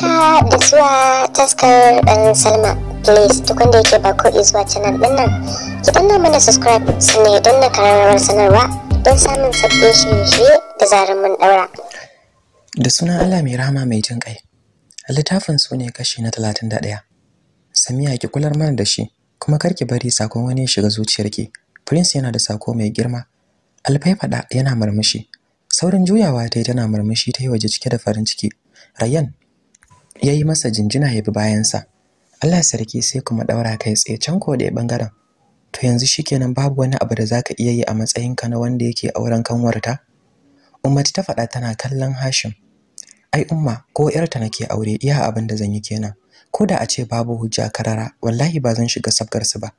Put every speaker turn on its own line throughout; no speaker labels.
haka da zuwa taskar dan salma please duk wanda yake ba ko zuwa canal din nan ki danna mana subscribe ne don danna karamar sanarwa don samun sabbin shirye-shirye da zarar mun daura da sunan allah mai rahama mai jin kai littafin su ne kashi na talatin da ɗaya. samiya ki kular mana da shi kuma kar ki bari sakon wani ya shiga zuciyarki prince yana da sako mai girma alfai yana murmushi saurin juyawa ta yi tana murmushi ta yi waje cike da farin ciki Rayan ya yi masa jinjina ya bi bayansa Allah sarki sai kuma daura kai tsaye can ko da bangaren to yanzu shikenan babu wani abu da zaka iya yi a matsayinka na wanda yake auren kanwarta Ummati ta faɗa tana kallon Hashim ai umma ko yarta nake aure iya abin da zan yi kenan ko da a ce babu hujja karara wallahi ba zan shiga sabgar su ba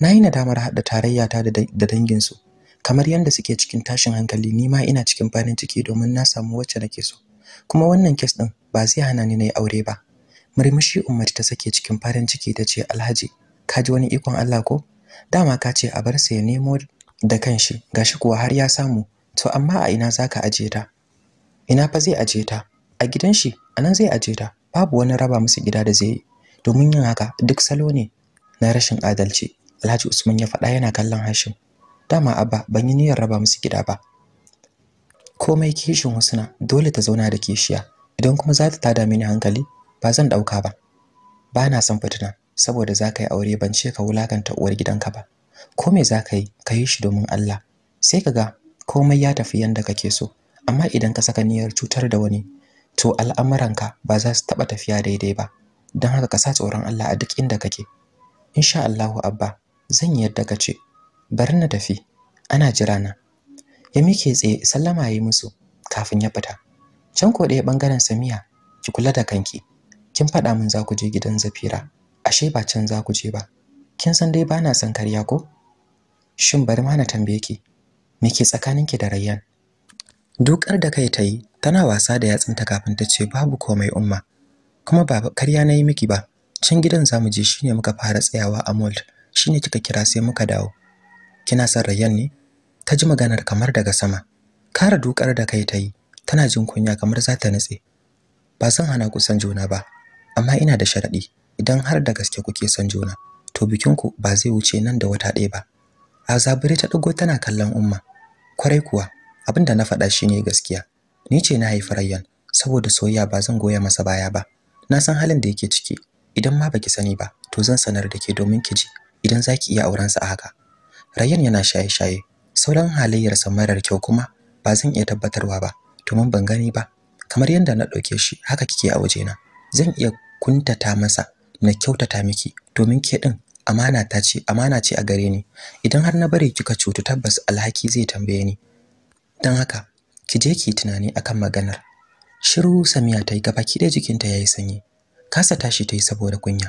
nayi nadamar hada tarayya ta da dangin su kamar yanda suke cikin tashin hankali ni ma ina cikin farin ciki domin na samu wacce nake so kuma wannan kes din ba zai hana ni nayi aure ba murmushi ummati ta sake cikin farin ciki ta ce alhaji ka ji wani ikon Allah ko dama ka ce a bar sa ya nemo da kanshi gashi kuwa har ya samu to amma a ina zaka aje ta ina fa zai aje ta a gidan shi anan zai aje ta babu wani raba musu gida da zai domin yin haka duk salo ne na rashin adalci Alhaji Usman ya faɗa yana kallon Hashim dama abba ban yi niyyar raba musu gida ba komai kishin husna dole ta zauna da kishiya idan kuma za ta tada mini hankali ba zan dauka ba ba na son fituna, saboda za ka yi aure ban ce ka wulakanta uwar gidanka ba ko me za ka yi ka yi shi domin Allah sai ka ga komai ya tafi yanda kake so amma idan ka saka niyyar cutar da wani to al'amuranka ba za su taba tafiya daidai ba don haka ka sa tsoron Allah a duk inda kake insha Allahu abba zan yi yadda ka ce. bari na tafi ana jira na ya mike tsaye sallama yayi musu kafin ya fita can ko ɗaya bangaren Samiya ki kula da kanki kin faɗa min za ku je gidan Zafira ashe ba can za ku je ba kin san dai bana son karya ko shin bari ma na tambaye ki me ke tsakaninki da Rayyan dukar da kai ta tana wasa da yatsunta kafin ta ce babu komai umma kuma ba karya na yi miki ba can gidan zamu je shine muka fara tsayawa a mold shine kika kira sai muka dawo kina son Rayyan ne ta ji maganar kamar daga sama kara dukar da kai ta yi tana jin kunya kamar za ta nutse ba san hana ku san juna ba amma ina da sharadi idan har da gaske kuke san juna to bikinku ba zai wuce nan da wata ɗaya ba a zabire ta ɗigo tana kallon umma kwarai kuwa abin da na faɗa shine gaskiya ni ce na haifi rayan, saboda soyayya ba zan goya masa baya ba na san halin da yake ciki idan ma baki sani ba to zan sanar da ke domin ki ji idan zaki iya auren sa haka rayyan yana shaye-shaye sauran halayyarsa marar kyau kuma ba zan iya tabbatarwa ba domin ban gani ba kamar yadda na ɗauke shi haka kike a waje na, zan iya kuntata masa na kyautata miki domin ke din amana ta ce amana ce a gare ni idan har na bari kika cutu tabbas alhaki zai tambaye ni dan haka ki je ki tunani akan maganar shiru samiya ta yi gaba da jikinta yayi sanyi kasa tashi ta yi saboda kunya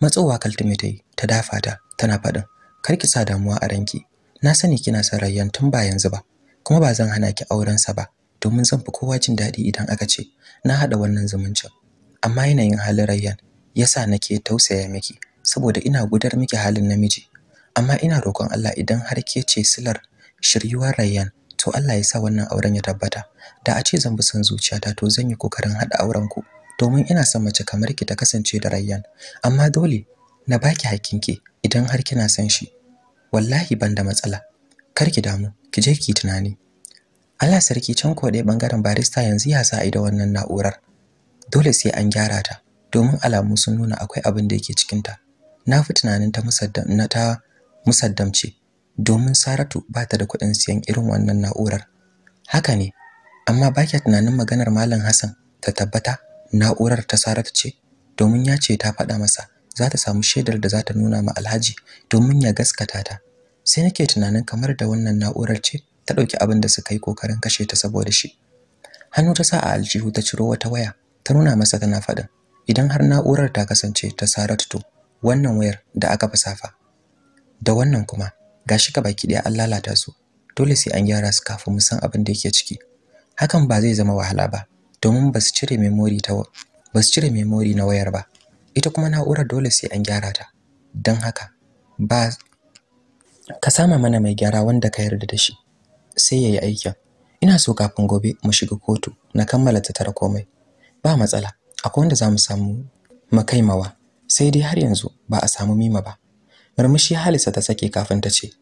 matsowa kaltume ta ta dafa ta tana faɗin kar ki sa damuwa a ranki na sani kina son rayyan tun ba yanzu ba kuma ba zan hana ki auren sa ba domin zan fi kowa jin daɗi idan aka ce na haɗa wannan zumuncin amma yanayin halin rayyan yasa nake tausaya miki saboda ina gudar miki halin namiji amma ina roƙon Allah idan har ke ce silar shiryuwar rayyan to Allah ya sa wannan auren ya tabbata da a ce zan bi son zuciyata to zan yi kokarin haɗa auren ku domin ina son mace kamar ki ta kasance da rayyan amma dole na baki ki idan har kina son shi wallahi ban da matsala kar ki damu ki je ki tunani Allah sarki can ko dai bangaren barista yanzu ya sa da wannan na'urar dole sai an gyara ta domin alamu sun nuna akwai abin da yake cikin ta na fi tunanin ta musaddam na ta musaddamce domin Saratu ba ta da kuɗin siyan irin wannan na'urar haka ne amma ba ke tunanin maganar Malam Hassan ta tabbata na'urar ta Saratu ce domin ya ce ta faɗa masa za ta samu shaidar da za ta nuna ma Alhaji domin ya gaskata ta sai nake tunanin kamar da wannan na'urar ce ta ɗauki abin da suka yi kokarin kashe ta saboda shi hannu ta sa a aljihu ta ciro wata waya ta nuna masa tana faɗin idan har na'urar ta kasance ta Saratu to wannan wayar da aka fasafa da wannan kuma gashi ka baki ɗaya an lalata su dole sai an gyara su kafin mu san abin da yake ciki hakan ba zai zama wahala ba domin ba su cire memory ta ba su cire memory na wayar ba ita kuma na'urar dole sai an gyara ta don haka ba ka sama mana mai gyara wanda ka yarda da shi sai ya yi aikin ina so kafin gobe mu shiga kotu na kammala tattara komai ba matsala akwai wanda za mu samu makaimawa sai dai har yanzu ba a samu mima ba murmushi Halisa ta sake kafin ta ce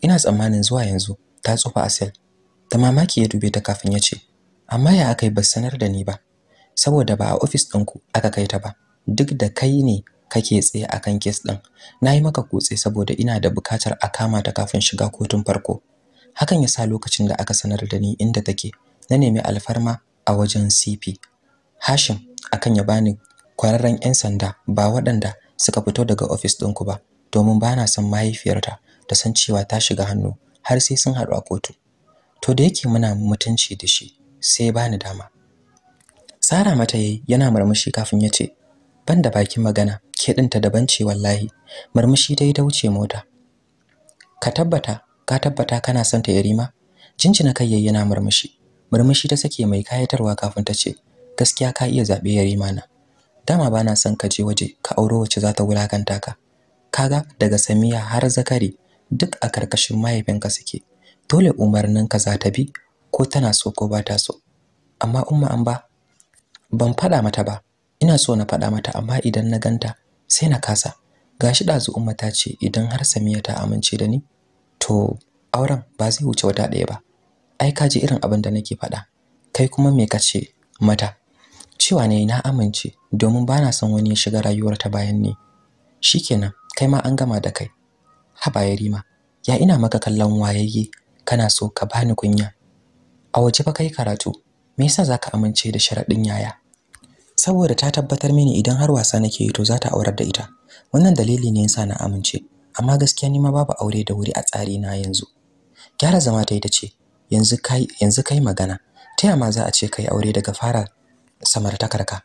ina tsammanin zuwa yanzu ta tsufa asel ta mamaki ya dube ta kafin ya ce amma ya yi ba sanar da ni ba saboda ba a ofis ɗinku aka kai ta ba duk da kai ne kake tsaye akan kes din nayi maka kutse saboda ina da bukatar a kama ta kafin shiga kotun farko hakan yasa lokacin da aka sanar da ni inda take na nemi alfarma a wajen CP Hashim akan ya bani kwararren 'yan sanda ba waɗanda suka fito daga ofis ɗinku ba domin bana son mahaifiyarta da san cewa ta shiga hannu har sai sun haɗu a kotu to da yake muna mutunci da shi sai bani dama Sara mata yayi yana murmushi kafin ya ce ban da bakin magana ke ɗinta daban ce wallahi murmushi dai da wuce mota ka tabbata ka tabbata kana son ta yarima jinjina kai yayi na murmushi murmushi ta sake mai kayatarwa kafin ta ce gaskiya ka iya zabe yarima na dama bana son ka je waje ka auro wace za ta wulakanta ka kaga daga samiya har zakari duk a karkashin mahaifinka suke dole umarninka za ta bi ko tana so ko ba ta so amma umma an ba ban faɗa mata ba ina so na faɗa mata amma idan na ganta sai na kasa gashi ɗazu umma ta ce idan har samiya ta amince da ni to auren ba zai wuce wata ɗaya ba ai ka ji irin abin da nake faɗa kai kuma me ka ce mata cewa ne na amince domin ba na son wani ya shiga rayuwar ta bayan ni shikenan kai ma an gama da kai haba yarima ya ina maka kallon wayayye kana so ka bani kunya a waje fa kai karatu me yasa zaka amince da sharaɗin yaya saboda ta tabbatar mini idan har wasa nake yi to za ta aurar da ita wannan dalili ne yasa na amince amma gaskiya ni ma babu aure da wuri a tsari na yanzu gyara zama ta yi ta ce yanzu kai yanzu kai magana ta ma za a ce kai aure daga fara samartakarka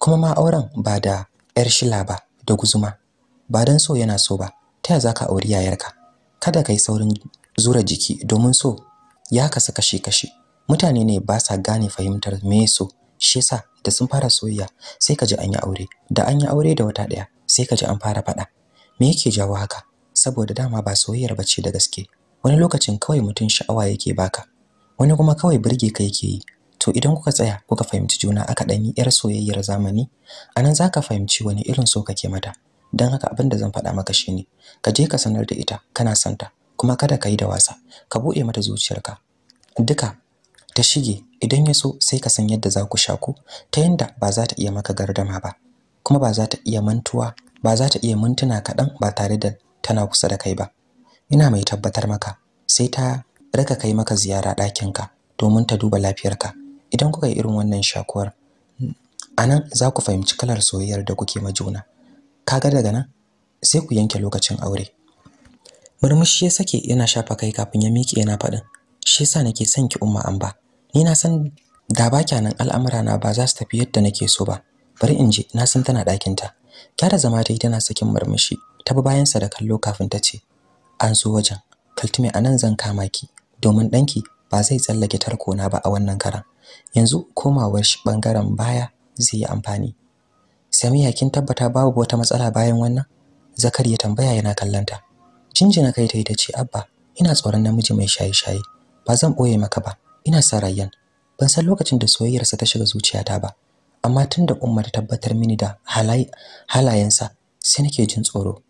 kuma ma auren ba da yar shila ba da guzuma ba dan so yana so ba ta ya zaka auri yayarka kada kai saurin zura jiki domin so ya kasu kashe-kashe mutane ne ba sa gane fahimtar me so shi yasa da sun fara soyayya sai ka ji an yi aure da an yi aure da wata daya sai ka ji an fara faɗa me yake jawo haka saboda dama ba soyayyar ce da gaske wani lokacin kawai mutum sha'awa yake baka wani kuma kawai burge ka yake yi to idan kuka tsaya kuka fahimci juna aka ɗan yi yar soyayyar zamani anan zaka fahimci wani irin so kake mata dan haka abin da zan faɗa maka shine ka je ka sanar da ita kana santa kuma kada ka yi da wasa ka buɗe mata zuciyarka duka ta shige idan ya so sai ka san yadda za ku shaku ta yanda ba za ta iya maka gardama ba kuma ba za ta iya mantuwa ba za ta iya mintuna kaɗan ba tare da tana kusa da kai ba ina mai tabbatar maka sai ta raka kai maka ziyara ɗakinka domin ta duba lafiyarka idan kuka yi irin wannan shakuwar A nan, za ku fahimci kalar soyayyar da kuke ma juna kaga daga nan sai ku yanke lokacin aure murmushi ya sake yana shafa kai kafin ya miƙe yana faɗin shi yasa nake son ki umma amba ni na san da ba kyanan al'amura na ba za su tafi yadda nake so ba bari in je na san tana dakin ta kyara zama ta yi tana sakin murmushi ta bi bayan sa da kallo kafin ta ce an so wajen kaltume nan zan kama ki domin ɗanki ba zai tsallake tarko na ba a wannan karan yanzu komawar shi bangaren baya zai yi amfani Samiya kin tabbata babu wata matsala bayan wannan Zakari ya tambaya yana kallanta jinjina kai ta yi ta ce abba ina tsoron namiji mai shaye-shaye ba zan boye maka ba ina sa rayyan ban san lokacin da soyayyar sa ta shiga zuciyata ba amma tunda umma ta tabbatar mini da halayensa sai nake jin tsoro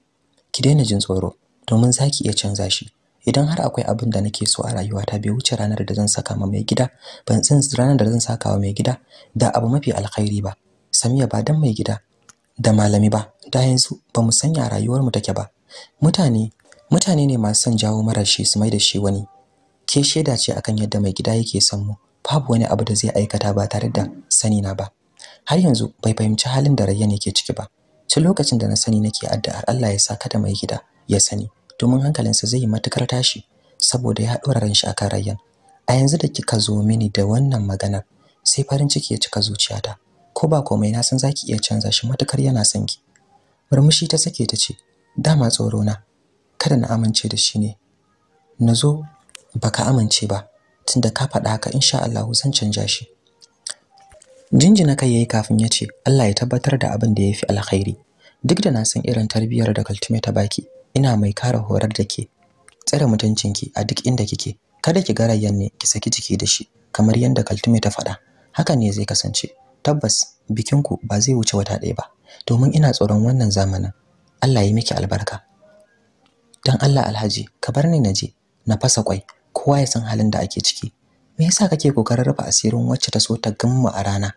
ki daina jin tsoro domin zaki iya canza shi idan har akwai abin da nake so a rayuwata bai wuce ranar da zan saka ma mai gida ban san ranar da zan saka wa mai gida da abu mafi alkhairi ba samiya ba dan mai gida da malami ba da yanzu ba mu sanya rayuwar mu take ba mutane mutane ne masu son jawo marashi su mai da shi wani ke shaida ce akan yadda mai gida yake son mu babu wani abu da zai aikata ba tare da sani na ba har yanzu bai fahimci halin da rayyan yake ciki ba Cin lokacin da na sani nake addu'a Allah ya sa kada mai gida ya sani domin hankalinsa zai yi matukar tashi saboda ya dora ran shi akan rayyan a yanzu da kika zo mini da wannan maganar sai farin ciki ya cika zuciyata ko ba komai na san zaki iya canza shi matukar yana son ki murmushi ta sake ta ce dama tsoro na kada na amince da shi ne na zo baka amince ba tunda ka faɗa haka insha Allah zan canja shi jinjina kai yayi kafin ya ce Allah ya tabbatar da abin da yafi alkhairi duk da na san irin tarbiyyar da kaltume ta baki ina mai kara horar da ke tsare mutuncinki a duk inda kike kada ki ga rayyan ne ki saki jiki da shi kamar yadda kaltume ta faɗa haka ne zai kasance tabbas bikinku ba zai wuce wata ɗaya ba domin ina tsoron wannan zamanin Allah ya miki albarka dan Allah alhaji ka bar ni na je, na fasa kwai kowa ya san halin da ake ciki me yasa kake kokarin rufe asirin wacce ta so ta gamma a rana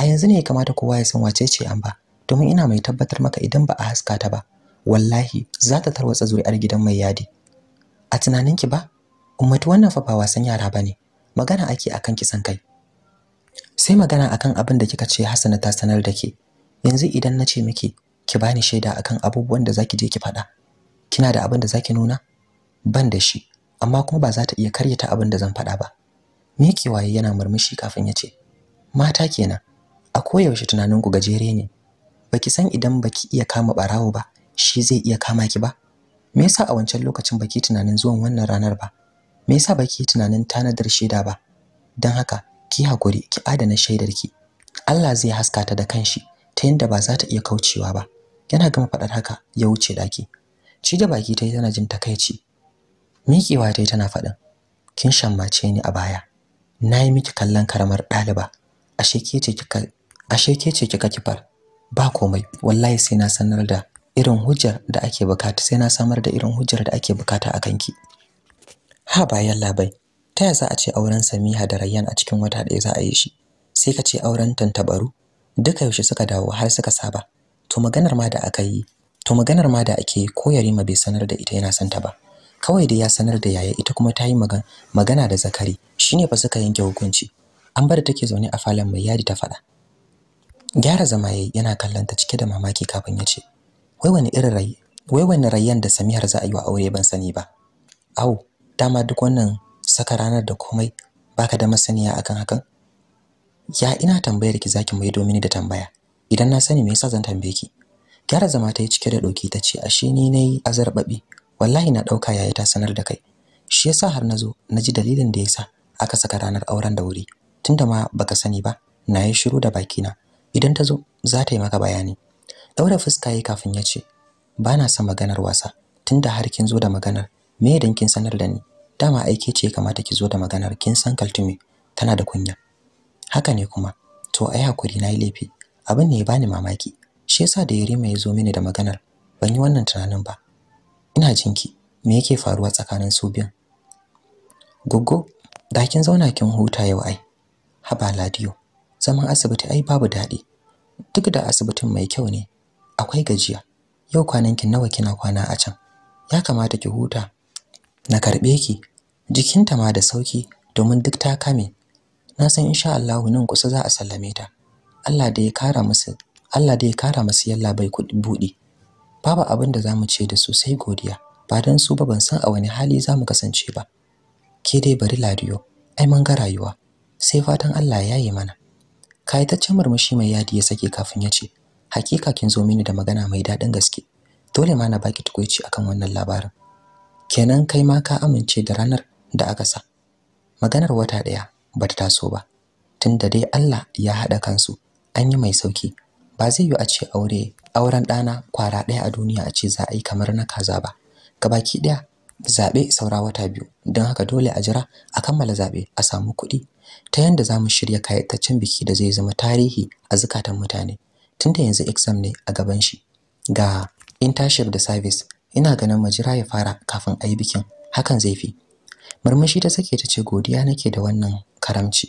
a yanzu ne ya kamata kowa ya san wace ce an ba domin ina mai tabbatar maka idan ba a haska ta ba wallahi za ta tarwatsa zuri'ar gidan mai yadi a tunanin ki ba ummatu wannan fa ba wasan yara bane magana ake akan kisan kai sai magana akan abin da kika ce Hassana ta sanar da ke yanzu idan na ce miki ki bani shaida akan abubuwan da zaki je ki faɗa kina da abin da zaki nuna ban da shi amma kuma ba za ta iya karyata abin da zan faɗa ba Me waye yana murmushi kafin ya ce mata kenan a koyaushe tunaninku gajere ne baki san idan baki iya kama barawo ba shi zai iya kama ki ba me yasa a wancan lokacin baki tunanin zuwan wannan ranar ba me yasa baki tunanin tanadar shaida ba don haka ki hakuri ki adana shaidarki Allah zai haska ta da kanshi ta yinda ba za ta iya kaucewa ba yana gama faɗar haka ya wuce daki ci da baki ta yi tana jin takaici miƙewa ta tana faɗin kin shammace ni a baya na yi miki kallon karamar ɗaliba ashe ke ce kika ashe ke kifar ba komai wallahi sai na sanar da irin hujjar da ake bukata sai na samar da irin hujjar da ake bukata a kanki ha bayan labai ta za a ce auren Samiha da Rayyan a cikin wata ɗaya za a yi shi sai ka ce auren tantabaru duka yaushe suka dawo har suka saba to maganar ma da aka yi to maganar ma da ake ko Yarima bai sanar da ita yana son ta ba kawai da ya sanar da yaya ita kuma ta yi magana da zakari shine ba suka yanke hukunci an bar take zaune a falon mai yadi ta faɗa gyara zama yayi yana kallon cike da mamaki kafin ya ce wai wani irin rai wai wani rayyan da Samihar za a yi wa aure ban sani ba au dama duk wannan saka ranar da komai baka da masaniya akan hakan ya ina tambayar ki zaki mai domini da tambaya idan na sani me yasa zan tambaye ki gyara zama ta yi cike da doki ta ce ashe ni nayi azarbabi wallahi na dauka yayi ta sanar da kai shi yasa har nazo naji dalilin da yasa aka saka ranar auren da wuri tunda ma baka sani ba na yi shiru da bakina idan ta zo za ta yi maka bayani daura fuska yayi kafin ya ce ba na son maganar wasa tunda har kin zo da maganar me dan kin sanar da ni dama aike ce kamata ki zo da maganar kin san kaltumi. tana da kunya haka ne kuma to ai hakuri na yi laifi abin ne ya bani mamaki shi yasa da Yarima mai zo mini da maganar ban yi wannan tunanin ba ina jinki me yake faruwa tsakanin su biyan? goggo da kin zauna kin huta yau ai haba ladiyo zaman asibiti ai babu daɗi duk da asibitin mai kyau ne akwai gajiya yau kwananki nawa kina kwana a can ya kamata ki huta na karɓe ki jikinta ma da sauki domin duk ta kame na san insha Allah nan kusa za a sallame ta Allah da ya kara musu Allah da ya kara musu yalla bai kudi budi babu abin da zamu ce da su sai godiya ba dan su ba ban san a wani hali zamu kasance ba ke dai bari ladiyo ai mun ga rayuwa sai fatan Allah ya yi mana kayataccen murmushi mai yadi ya sake kafin ya ce hakika kin zo mini da magana mai daɗin gaske dole ma na baki tukuici akan wannan labarin kenan kai ma ka amince da ranar da aka sa maganar wata ɗaya bata taso ba tunda dai Allah ya haɗa kansu an yi mai sauki ba zai yi a ce aure auren ɗana kwara ɗaya a duniya a ce za a yi kamar na kaza ba ga baki ɗaya zaɓe saura wata biyu don haka dole a jira a kammala zaɓe a samu kuɗi ta yanda za mu shirya kayataccen biki da zai zama tarihi a zukatan mutane tunda yanzu exam ne a gaban shi ga internship da service ina ganin majira ya fara kafin a yi bikin hakan zai fi murmushi ta sake ta ce godiya nake da wannan karamci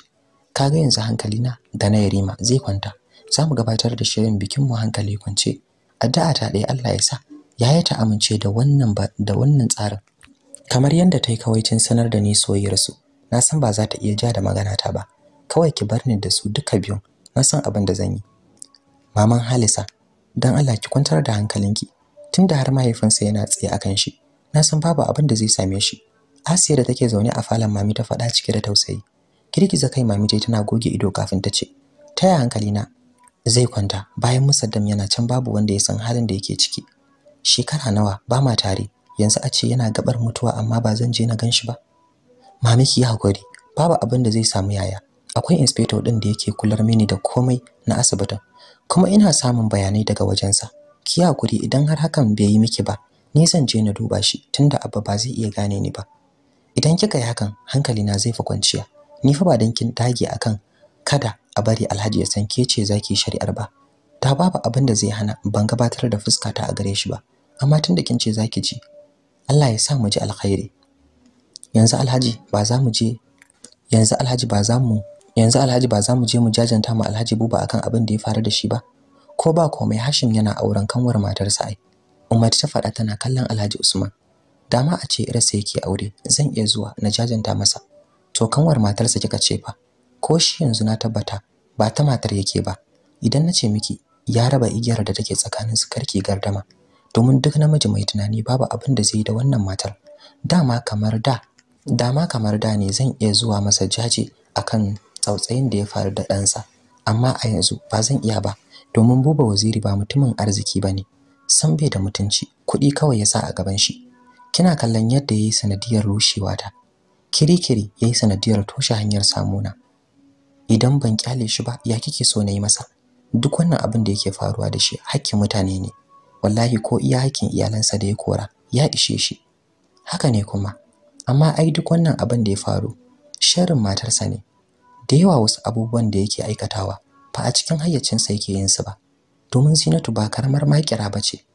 kaga yanzu hankalina da na yarima zai kwanta za mu gabatar da shirin bikin mu hankali kwance addu'a ta ɗaya Allah ya sa yaya ta amince da wannan da wannan tsarin kamar yadda ta yi kawaicin sanar da ni soyayyarsu na san ba za ta iya ja da magana ta ba kawai ki bar ni da su duka biyun na san abin da zan yi maman halisa dan allah ki kwantar da hankalinki tunda har mahaifinsa yana tsaye akan shi na san babu abin da zai same shi asiya da take zaune a falon mami ta faɗa cike da tausayi girgiza kai mami tana goge ido kafin ta ce taya hankalina zai kwanta bayan musaddam yana can babu wanda ya san halin da yake ciki shekara nawa ba ma tare yanzu a ce yana gabar mutuwa amma ba zan je na gan shi ba ki yi hakuri babu abin da zai samu yaya akwai inspector din da yake kular mini da komai na asibitin kuma ina samun bayanai daga wajensa ki hakuri idan har hakan bai yi miki ba ni zan je na duba shi tunda abba ba zai iya gane ni ba idan kika yi hakan hankali na zai fi kwanciya ni fa ba dan kin dage akan kada a bari Alhaji ya san ke ce zaki shari'ar ba ta babu abin da zai hana ban gabatar da fuska ta a gare shi ba amma tunda kin ce zaki ji Allah ya sa mu ji alkhairi yanzu Alhaji ba za mu je yanzu Alhaji ba za mu yanzu Alhaji ba za mu je mu jajanta ma Alhaji Buba akan abin da ya faru da shi ba ko ba komai Hashim yana auren kanwar matarsa ai Umar ta faɗa tana kallon Alhaji Usman dama a ce irarsa yake aure zan iya zuwa na jajanta masa to kanwar matarsa kika ce fa ko shi yanzu na tabbata ba ta matar yake ba idan na ce miki ya raba igiyar da take tsakanin su karki gardama domin duk namiji mai tunani babu abin da zai da wannan matar dama kamar da dama kamar da ne zan iya zuwa masa jaje akan tsautsayin da ya faru da ɗansa amma a yanzu ba zan iya ba domin buba waziri ba mutumin arziki ba ne san bai da mutunci kuɗi kawai ya sa a gaban shi kina kallon yadda ya yi sanadiyar ta? kirikiri ya yi sanadiyar toshe hanyar samuna idan ban kyale shi ba ya kike so na yi masa duk wannan abin da yake faruwa da shi hakkin mutane ne wallahi ko iya hakkin iyalansa da ya kora ya ishe shi haka ne kuma amma ai duk wannan abin da ya faru sharrin matarsa ne da yawa wasu abubuwan da yake aikatawa fa a cikin hayyacinsa yake yin su ba domin Zinatu ba karamar makira ba ce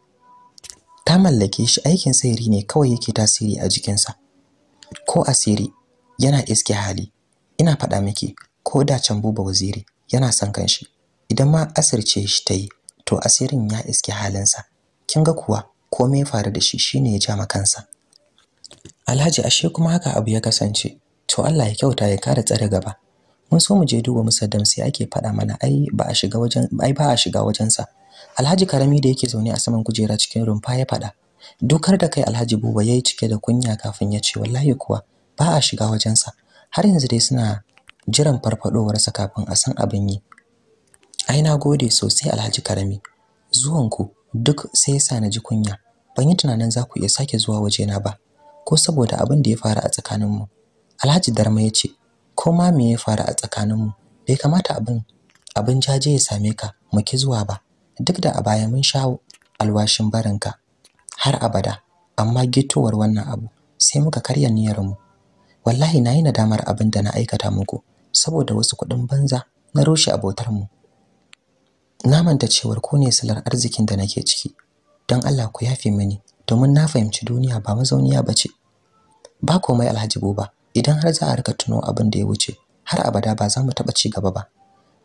ta mallake shi aikin sihiri ne kawai yake tasiri a jikinsa ko asiri yana iske hali ina faɗa miki ko da can buba waziri yana son kanshi idan ma asirce shi ta yi to asirin ya iske halinsa kin ga kuwa komai ya faru da shi shine ya ja kansa Alhaji ashe kuma haka abu ya kasance to Allah ya kyauta ya kare tsare gaba mun so mu je duba musaddam sai ake faɗa mana ai ba a shiga wajen ai ba a shiga wajensa Alhaji Karami da yake zaune a saman kujera cikin rumfa ya faɗa dukar da kai Alhaji Buba yayi cike da kunya kafin ya ce wallahi kuwa ba a shiga wajensa har yanzu dai suna jiran farfadowarsa kafin a san abin yi ai na gode sosai Alhaji Karami zuwanku duk sai yasa na ji kunya ban yi tunanin za ku iya sake zuwa waje na ba ko saboda abin da ya faru a tsakaninmu Alhaji Darma ya ce ko ma me ya faru a tsakaninmu bai kamata abin abin jaje ya same ka mu ki zuwa ba duk da a baya mun sha alwashin barinka har abada amma gitowar wannan abu sai muka karya niyyarmu wallahi na yi nadamar abin da na aikata muku saboda wasu kuɗin banza na rushe abotar mu na manta cewar ku ne salar arzikin da nake ciki don Allah ku yafe mini domin na fahimci duniya ba mazauniya ba ce ba komai alhaji buba idan har za a rika tuno abin da ya wuce har abada ba za mu taɓa ci gaba ba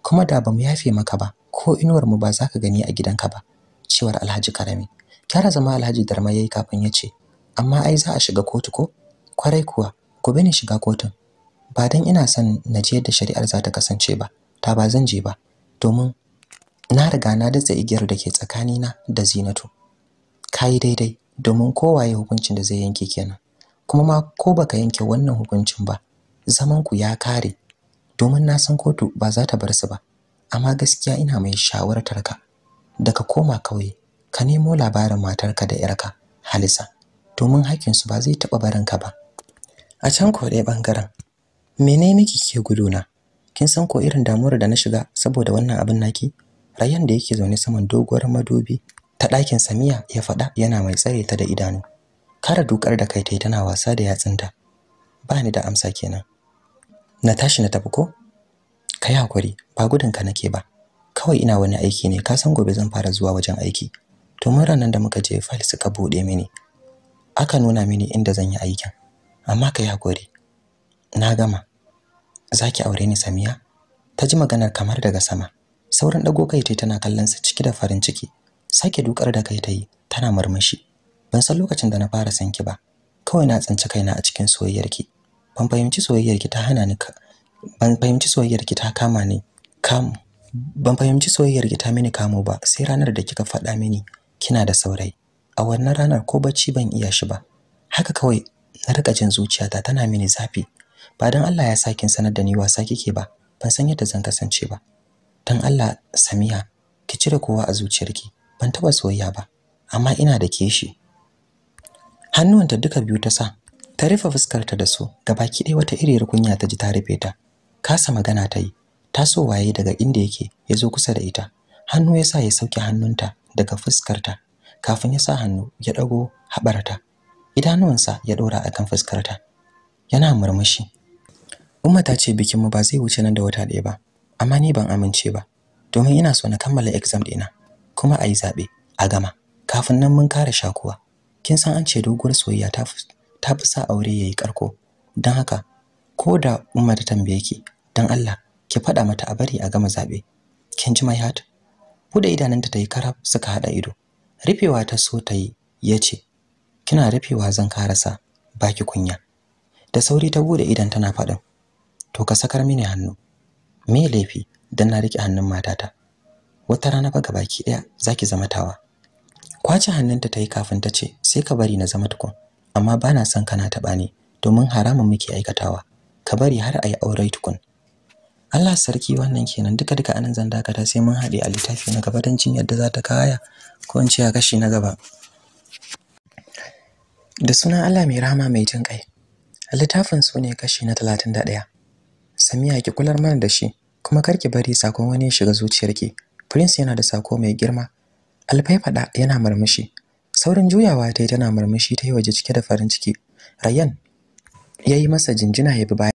kuma da ba mu yafe maka ba ko inuwarmu ba za ka gani a gidanka ba cewar alhaji karami kyara zama alhaji darma yi kafin ya ce amma ai za a shiga kotu ko kwarai kuwa ku bi ni shiga kotun ba dan ina son na je da shari'ar za ta kasance ba ta ba zan je ba domin na riga na datsa igiyar da ke tsakanina da Zinatu kai daidai domin kowaye hukuncin da zai yanke kenan kuma ma ko baka yanke wannan hukuncin ba zaman ku ya kare domin na san kotu ba za ta bar su ba amma gaskiya ina mai shawartar ka da ka koma kauye ka nemo labarin matarka da yarka Halisa domin hakkin su ba zai taba barin ka ba a can ko ɗaya ɓangaren mene miki ke guduna kin san ko irin damuwar da na shiga saboda wannan abin naki rayan da yake zaune saman doguwar madobi ta ɗakin samiya ya faɗa yana mai tsare ta da idanu kara dukar da kai tai tana wasa da yatsunta ba ni da amsa kenan na tashi na tafi ko kai hakuri ba gudunka nake ba kawai ina wani aiki ne ka san gobe zan fara zuwa wajen aiki to mun ranan da muka je file suka buɗe mini aka nuna mini inda zan yi aikin amma ka yi hakuri na gama zaki aure ni Samiya ta ji maganar kamar daga sama sauran ɗago kai tai tana kallon sa ciki da farin ciki sake dukar da kai tai tana murmushi ban san lokacin da na fara san ki ba kawai na tsinci kaina a cikin soyayyarki ban fahimci soyayyarki ta hana ni ban fahimci soyayyarki ta kama ni kam ban fahimci soyayyarki ta mini kamo ba sai ranar da kika faɗa mini kina da saurayi a wannan ranar ko bacci ban iya shi ba haka kawai na rika jin zuciyata tana mini zafi ba dan Allah ya sakin sanar da ni wasa kike ba ban san yadda zan kasance ba dan Allah Samiha ki cire kowa a zuciyarki ban taba soyayya ba amma ina da keshi hannuwanta duka biyu ta sa ta rufe fuskarta da su gabaki ɗaya wata iriyar kunya ta ji ta rufe ta kasa magana ta yi ta so waye daga inda yake ya zo kusa da ita hannu ya sa ya sauke hannunta daga fuskarta kafin ya sa hannu ya ɗago haɓarta idanuwansa ya dora akan fuskarta yana murmushi Umma ta ce bikin mu ba zai wuce nan da wata ɗaya ba amma ni ban amince ba domin ina so na kammala exam ɗina kuma a yi zaɓe, a gama kafin nan mun kare shakuwa kin san an ce doguwar soyayya ta ta fi sa aure yayi karko don haka ko da Umma ta tambaye ki dan Allah ki faɗa mata a bari a gama zaɓe. kin ji my heart da idananta ta yi karab suka haɗa ido rufewa ta so ta yi ce. kina rufewa zan karasa baki kunya da sauri ta bude idan tana faɗin to ka sakar mini hannu me laifi dan na rike hannun matata wata rana fa gabaki daya zaki zama tawa kwace hannunta tayi kafin ta ce sai ka bari na zama tukun amma bana son kana taba ni domin haramun muke aikatawa ka bari har ayi aure tukun Allah sarki wannan kenan duka duka anan zan dakata sai mun haɗe a littafi na gaba don cin yadda za ta kaya ko in ce a kashi na gaba da suna Allah mai rahama mai jin ƙai littafin su ne kashi na 31 Samiya ki kular mana da shi kuma kar ki bari sakon wani shiga zuciyarki prince yana da sako mai girma alfai fada yana murmushi saurin juyawa ta yi tana murmushi ta yi waje cike da farin ciki rayan ya yi masa jinjina ya bi baya